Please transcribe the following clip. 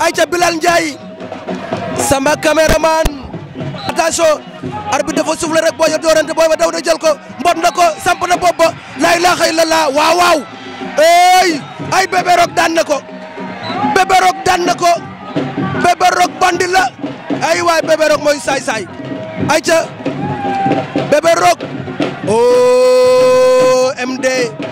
ayca Bilal Ndiaye sama caméraman attention arbitre dafa soufflé rek booy doorante booy ba daw ko mbot ko samp na bopp ba la ilaha ay bébé rog daan ko bébé rog daan ko bébé rog bandi la waay bébé rog mooy saay saay ayca bébé rog o oh, MD